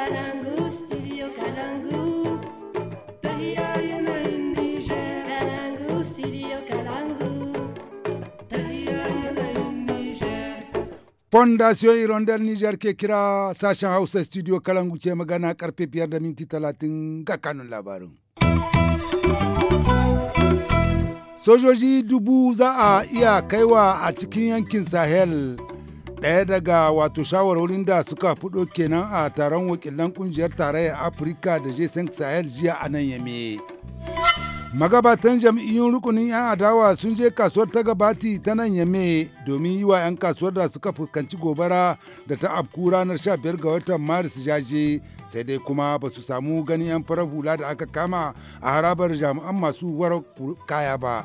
Kalangu, studio Kalangu. Nijar. Fondation Nijar ke kira sashen Hausa studio Kalangu ke magana karfe biyar da minti talatin ga kanun labarin. Sojoji dubu za a iya kaiwa a cikin yankin Sahel ɗaya daga wato shawarwarin da suka fudo kenan a taron wakilan kungiyar tarayyar afirka da jason sahel jiya a nan yame magabatan jam'iyyun rukunin 'yan adawa sun je kasuwar ta gabati ta nan yame domin yi wa 'yan kasuwar da suka fuskanci gobara da ta afku ranar 15 ga watan maris jaje sai dai kuma ba su samu ganin 'yan farar hula da aka kama a harabar jami'an masu warar kaya ba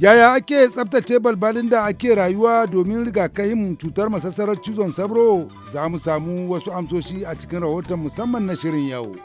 Yaya ake tsabtace balbalin da ake rayuwa domin rigakahin cutar masassarar cizon sabro za mu samu wasu amsoshi a cikin rahoton musamman na shirin yau.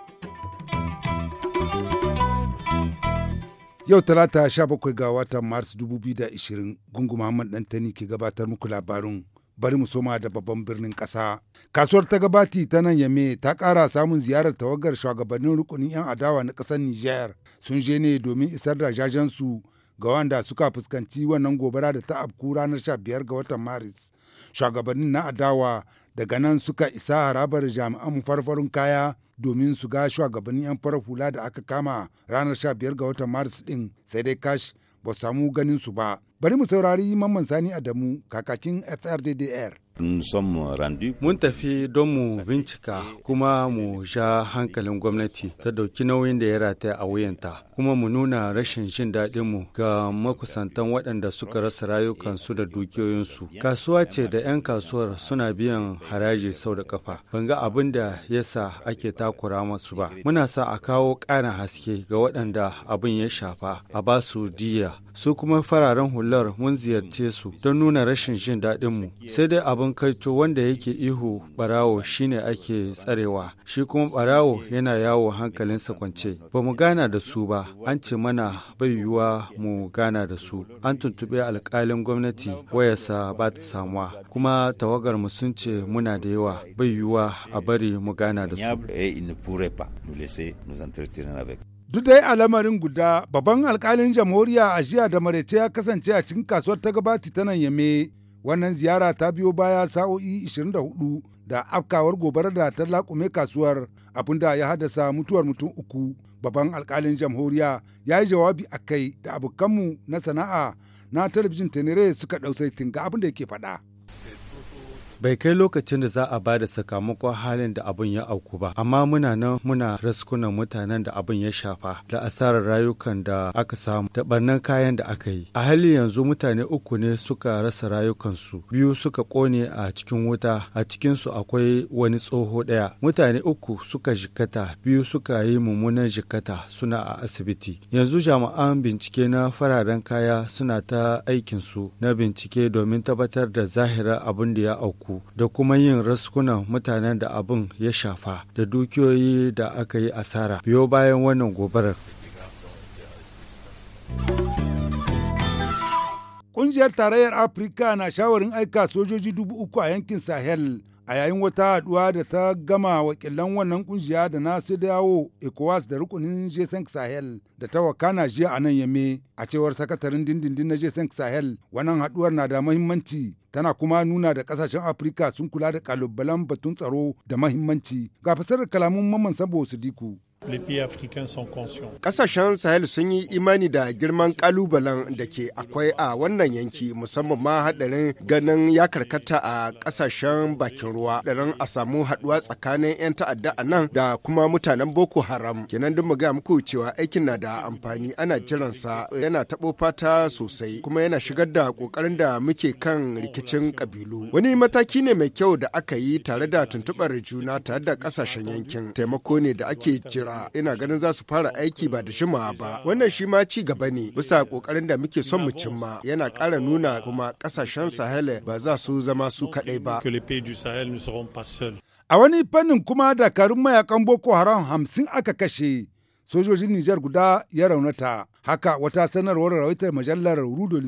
Yau talata 17 ga watan Mars 2020 gungu Muhammad Dantani ke gabatar muku labarin bari mu soma da babban birnin ƙasa. Kasuwar ta gabati ta nan Yame ta kara samun ziyarar tawagar shugabannin rukunin 'yan adawa na kasar niger sun je ne domin isar da jajensu ga wanda suka fuskanci wannan gobara da ta afku ranar 15 ga watan maris shugabannin na adawa daga nan suka isa harabar jami'an farfarin kaya domin su ga shugabannin 'yan farar hula da aka kama ranar 15 ga watan maris din sai dai kash ba samu ganin su ba bari mu saurari mamman sani adamu kakakin frddr Mun tafi don mu bincika kuma mu sha hankalin gwamnati ta dauki nauyin da ya rataya a wuyanta kuma mu nuna rashin jin mu ga makusantan waɗanda suka rasa rayukansu da dukiyoyinsu. Kasuwa ce da 'yan kasuwar suna biyan haraji sau da kafa. Ban ga abin da ya sa ake takura masu ba. Muna sa a kawo ƙarin haske ga waɗanda abin ya shafa a ba su diya. Su kuma fararen hular mun ziyarce su don nuna rashin jin mu. Sai dai abin kaito wanda yake ihu ɓarawo shine ake tsarewa. Shi kuma ɓarawo yana yawo hankalinsa kwance. Ba mu gana da su ba. an ce mana bai yiwuwa mu gana da su. An tuntuɓe alƙalin gwamnati wayarsa ba ta samuwa. Kuma tawagar mu sun ce muna da yawa bai yiwuwa a bari mu gana da su. Duk dai a lamarin guda, babban alkalin jamhuriya a jiya da maraice ya kasance a cikin kasuwar ta gabati ta nan yame. Wannan ziyara ta biyo baya sa'o'i 24 da afkawar gobarar da ta lakume kasuwar abinda ya haddasa mutuwar mutum uku babban alkalin jamhuriya ya yi jawabi a kai da abokanmu na sana'a na talabijin tenere suka ɗausai tinga abinda yake faɗa. bai kai lokacin da za a ba da sakamakon halin da abin ya auku ba amma muna nan muna raskunan mutanen da abin ya shafa da asarar rayukan da aka samu da barnan kayan da aka yi a hali yanzu mutane uku ne suka rasa rayukansu biyu suka kone a cikin wuta a cikinsu akwai wani tsoho ɗaya mutane uku suka jikata biyu suka yi mummunan jikata suna a asibiti yanzu jami'an bincike na fararen kaya suna ta aikinsu na bincike domin tabbatar da zahirar abin da ya auku uku da kuma yin raskunan mutanen da abin ya shafa da dukiyoyi da aka yi asara biyo bayan wannan gobarar. Ƙungiyar Tarayyar Afirka na shawarin aika sojoji dubu uku a yankin Sahel a yayin wata haduwa da ta gama wakilan wannan kungiya da na dawo ecowas da rukunin jason sahel da ta wakana jiya a nan yame a cewar sakataren dindindin na jason sahel wannan haduwar na da mahimmanci tana kuma nuna da kasashen afirka sun kula da kalubalen batun tsaro da mahimmanci ga fasarar kalamun mamman sabo sadiku Ƙasashen Sahel sun yi imani da girman ƙalubalen da ke akwai a wannan yanki musamman ma haɗarin ganin ya karkata a ƙasashen bakin ruwa ɗarin a samu haɗuwa tsakanin 'yan ta'adda a nan da kuma mutanen Boko Haram. Kenan duk mu muku cewa aikin na da amfani ana jiransa yana taɓo fata sosai kuma yana shigar da ƙoƙarin da muke kan rikicin ƙabilu. Wani mataki ne mai kyau da aka yi tare da tuntuɓar juna tare da ƙasashen yankin taimako ne da ake jira ba ina ganin za su fara aiki ba da jimawa ba wannan shi ma ci gaba ne bisa kokarin da muke son mu cimma yana ƙara nuna kuma ƙasashen sahel ba za su zama su kaɗai ba a wani fannin kuma dakarun mayakan boko haram hamsin aka kashe sojojin Nijar guda ya raunata. Haka wata sanarwar rawaitar mujallar Rudo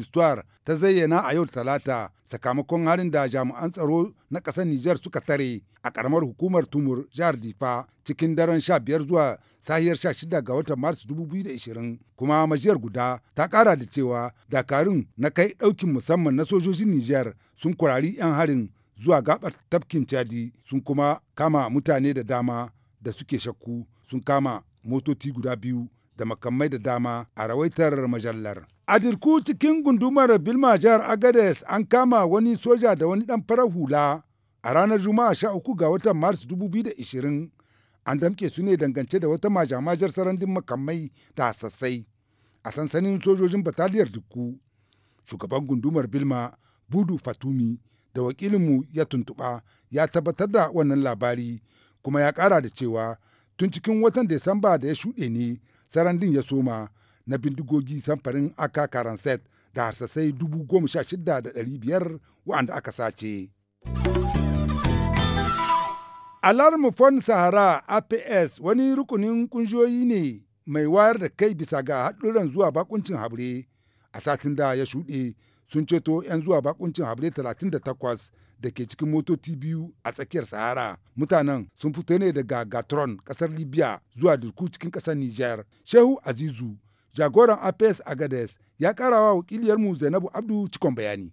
ta zayyana a yau talata sakamakon harin da jami'an tsaro na ƙasar Nijar suka tare a ƙaramar hukumar Tumur jihar Difa cikin daren 15 zuwa sahiyar 16 ga watan Maris 2020 kuma majiyar guda ta ƙara da cewa dakarun na kai ɗaukin musamman na sojojin Nijar sun kurari 'yan harin zuwa gaɓar tafkin Chadi sun kuma kama mutane da dama da suke shakku sun kama motoci guda biyu da makamai da dama a rawaitar majallar. A dirku cikin gundumar Bilma jihar Agades an kama wani soja da wani ɗan farar hula a ranar Juma'a sha uku ga watan Mars 2020 an damke su ne dangance da wata majamajar sarandin makamai da sassai a sansanin sojojin bataliyar dirku. Shugaban gundumar Bilma Budu Fatumi da wakilinmu ya tuntuɓa ya tabbatar da wannan labari kuma ya ƙara da cewa Tun cikin watan Desamba da ya shuɗe ne, sarandin ya soma na bindigogi samfarin aka karanset da harsasai dubu goma sha shida da ɗari biyar wa'anda aka sace. Alarm Fund Sahara APS wani rukunin kungiyoyi ne mai wayar da kai bisa ga haɗuran zuwa bakuncin habre. A satin da ya shuɗe sun ceto 'yan zuwa bakuncin habre 38 da ke cikin motoci biyu a tsakiyar Sahara. Mutanen sun fito ne daga Gatron kasar Libya zuwa Dirku cikin kasar niger Shehu Azizu, jagoran apes Agades, ya karawa wakiliyarmu Zainabu Abdu cikon bayani.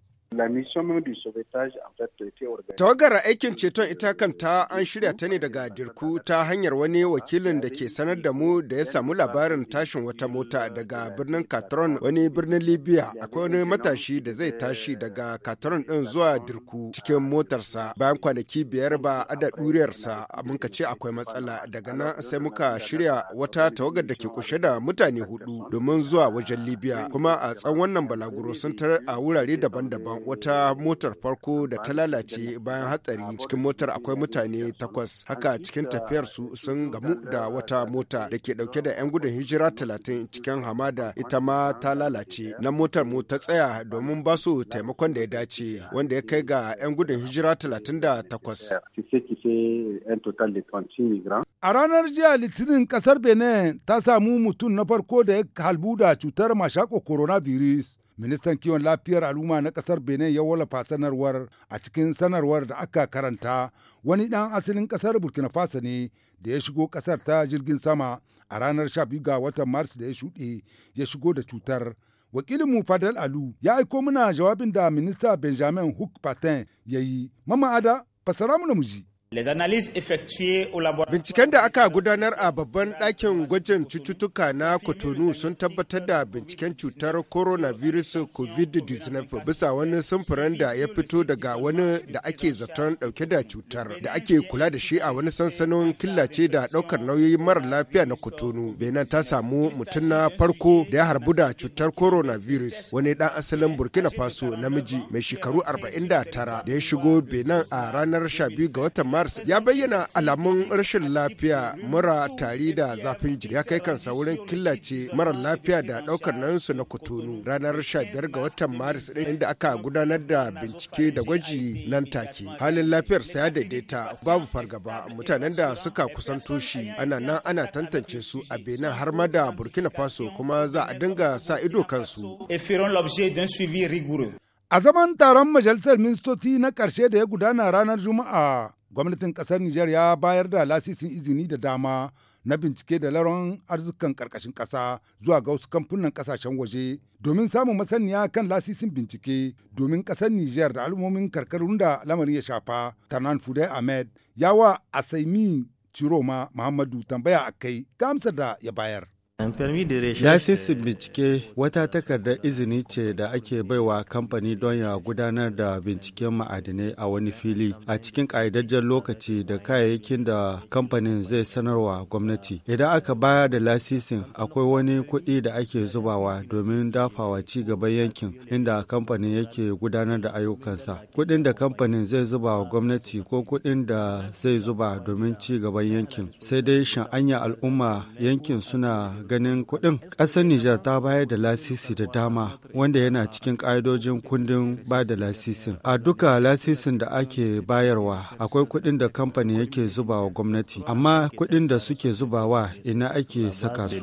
Tawagar aikin ceton ita kanta an shirya ta ne daga Dirku ta hanyar wani wakilin da ke sanar da mu da ya samu labarin tashin wata mota daga birnin katron wani birnin Libya akwai wani matashi da zai tashi daga katron ɗin zuwa Dirku cikin motarsa bayan kwanaki biyar ba ada ɗuriyarsa ka ce akwai matsala daga nan sai muka shirya wata tawagar da ke kushe da mutane hudu domin zuwa wajen Libya kuma a tsan wannan balaguro sun tarar a wurare daban-daban wata motar farko da ta lalace bayan hatsari cikin motar akwai mutane takwas haka cikin tafiyar su sun gamu da wata mota da ke dauke da 'yan gudun hijira talatin cikin hamada ita ma ta lalace na motar mu ta tsaya domin ba su taimakon da ya dace wanda ya kai ga 'yan gudun hijira talatin da takwas. A ranar jiya Litinin kasar Benin ta samu mutum na farko da ya halbu da cutar mashako coronavirus. Ministan kiwon lafiyar al'umma na kasar Benin ya wallafa sanarwar a cikin sanarwar da aka karanta wani ɗan asalin kasar Burkina Faso ne da ya shigo kasar ta jirgin sama a ranar 12 ga watan mars da ya shuɗe ya shigo da cutar. wakilinmu fadal alu ya aiko mana jawabin da minista benjamin hook patin ya yi mama ada fasara mu na muji Binciken da aka gudanar a babban ɗakin gwajin cututtuka na Kotonu sun tabbatar da binciken cutar coronavirus COVID-19 bisa wani samfuran da ya fito daga wani da ake zaton ɗauke da cutar da ake kula da shi a wani sansanin killace da ɗaukar nauyoyin mara lafiya na Kotonu. Benin ta samu mutum na farko da ya harbu da cutar coronavirus wani ɗan asalin Burkina Faso namiji mai shekaru 49 da ya shigo Benin a ranar 12 ga watan mars ya bayyana alamun rashin lafiya mura tari da zafin jiri ya kai kansa wurin killace mara lafiya da daukar nansu na kutunu ranar 15 ga watan maris din inda aka gudanar da bincike da gwaji nan take halin sa ya daidaita babu fargaba mutanen da suka kusanto shi ana nan ana tantance su a benin har ma da burkina faso kuma za a dinga sa ido kansu A zaman taron majalisar ministoci na karshe da ya gudana ranar Juma'a, gwamnatin kasar Nijar ya bayar da lasisin izini da dama na bincike da laron arzikan ƙarƙashin ƙasa zuwa ga wasu kamfunan ƙasashen waje domin samun masaniya kan lasisin bincike domin ƙasar Nijar da al'ummomin karkarun da lamarin ya shafa. tanan Fudai Ahmed yawa wa Asaimi Ciroma Muhammadu tambaya a kai ga amsar da ya bayar. Lasisin eh. bincike wata takardar izini ce da ake baiwa kamfani don ya gudanar da binciken ma'adinai a wani fili a cikin ƙa'idajen lokaci da kayayyakin da kamfanin zai sanarwa gwamnati. Idan aka bayar da lasisin akwai wani kuɗi da ake zubawa domin dafawa ci gaban yankin inda kamfanin yake gudanar da ayyukansa. Kuɗin da kamfanin zai zuba gwamnati ko kuɗin da zai zuba domin ci gaban yankin. Sai dai shan al'umma yankin suna ganin kuɗin ƙasar Nijar ta bayar da lasisi da dama wanda yana cikin ƙa'idojin kundin ba da lasisin. A duka lasisin da ake bayarwa akwai kuɗin da kamfani yake zuba wa gwamnati amma kuɗin da suke zubawa ina ake saka su.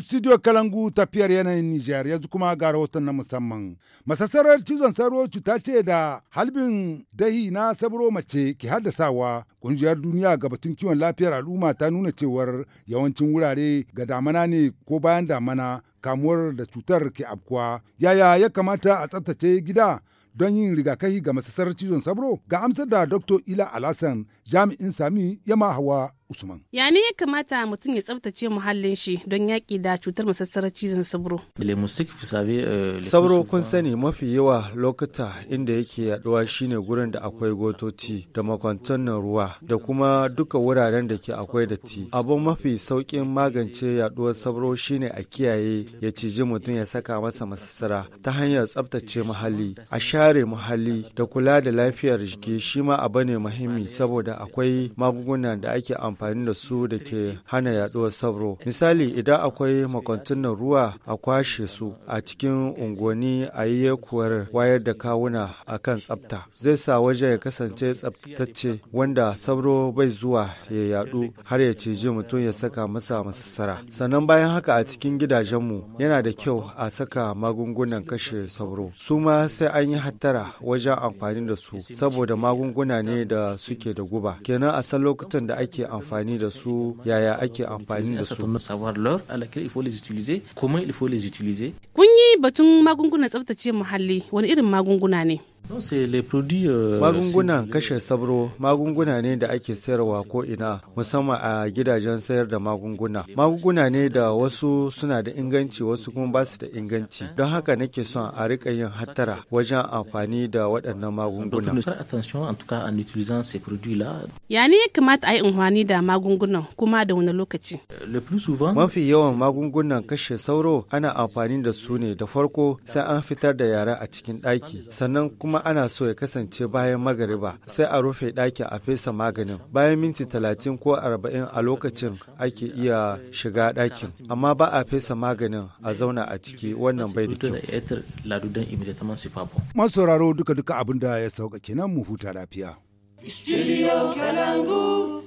studio kalangu tafiyar yanayin Nijar yanzu kuma ga rahoton na musamman. Masassarar cizon sauro cuta ce da halbin dahi na sabro mace ke haddasawa kungiyar duniya ga batun kiwon lafiyar al'umma ta nuna cewar yawancin wurare ga damana ne ko bayan damana kamuwar da cutar ke afkuwa. Yaya ya kamata a tsaftace gida? don yin rigakafi ga masasar cizon sabro ga amsar da dr ila alasan jami'in sami yama hawa Usman. Ya ne ya kamata mutum ya tsabtace muhallin shi don yaƙi da cutar masassarar cizon sabro. Euh, sauro kun sani mafi yawa lokuta inda yake yaduwa shine gurin da akwai gotoci da makwantan ruwa da kuma duka wuraren da ke akwai datti. Abu mafi saukin magance yaduwar sabro shine a kiyaye ya ciji mutum ya saka masa masassara ta hanyar tsabtace muhalli, a share muhalli da kula da lafiyar jiki shi ma abu ne muhimmi saboda akwai magungunan da ake amfani amfani da su da ke hana yaduwar sauro misali idan akwai makwantunan ruwa a kwashe su a cikin unguwanni a yi yakuwar wayar da kawuna a kan tsafta zai sa waje ya kasance tsaftatacce wanda sauro bai zuwa ya yadu har ya ciji mutum ya saka masa masassara sannan bayan haka a cikin gidajenmu yana da kyau a saka magungunan kashe sauro su ma sai an yi hattara wajen amfani da su saboda magunguna ne da suke da guba kenan a san lokutan da ake amfani amfani da su yaya ake amfani da su kun yi batun magungunan tsaftace muhalli wani irin magunguna ne Euh, magungunan kashe sabro magunguna ne da ake sayarwa ko ina musamman a gidajen sayar da magunguna. Magunguna ne da wasu suna da inganci wasu kuma ba su da inganci. Don haka nake son a rika yin hattara wajen amfani da waɗannan magunguna. Ya ne kamata a yi amfani da magungunan kuma da wani lokaci? Mafi yawan magungunan kashe sauro ana amfani da su ne da farko sai an fitar da yara a cikin ɗaki sannan kuma kuma ana so ya kasance bayan magariba sai a rufe ɗakin a fesa maganin bayan minti talatin ko arba'in a lokacin ake iya shiga ɗakin amma ba a fesa maganin a zauna a ciki wannan bai da kyau. sauraro duka-duka abin da ya sauka kenan mu huta lafiya. Studio Kalangu.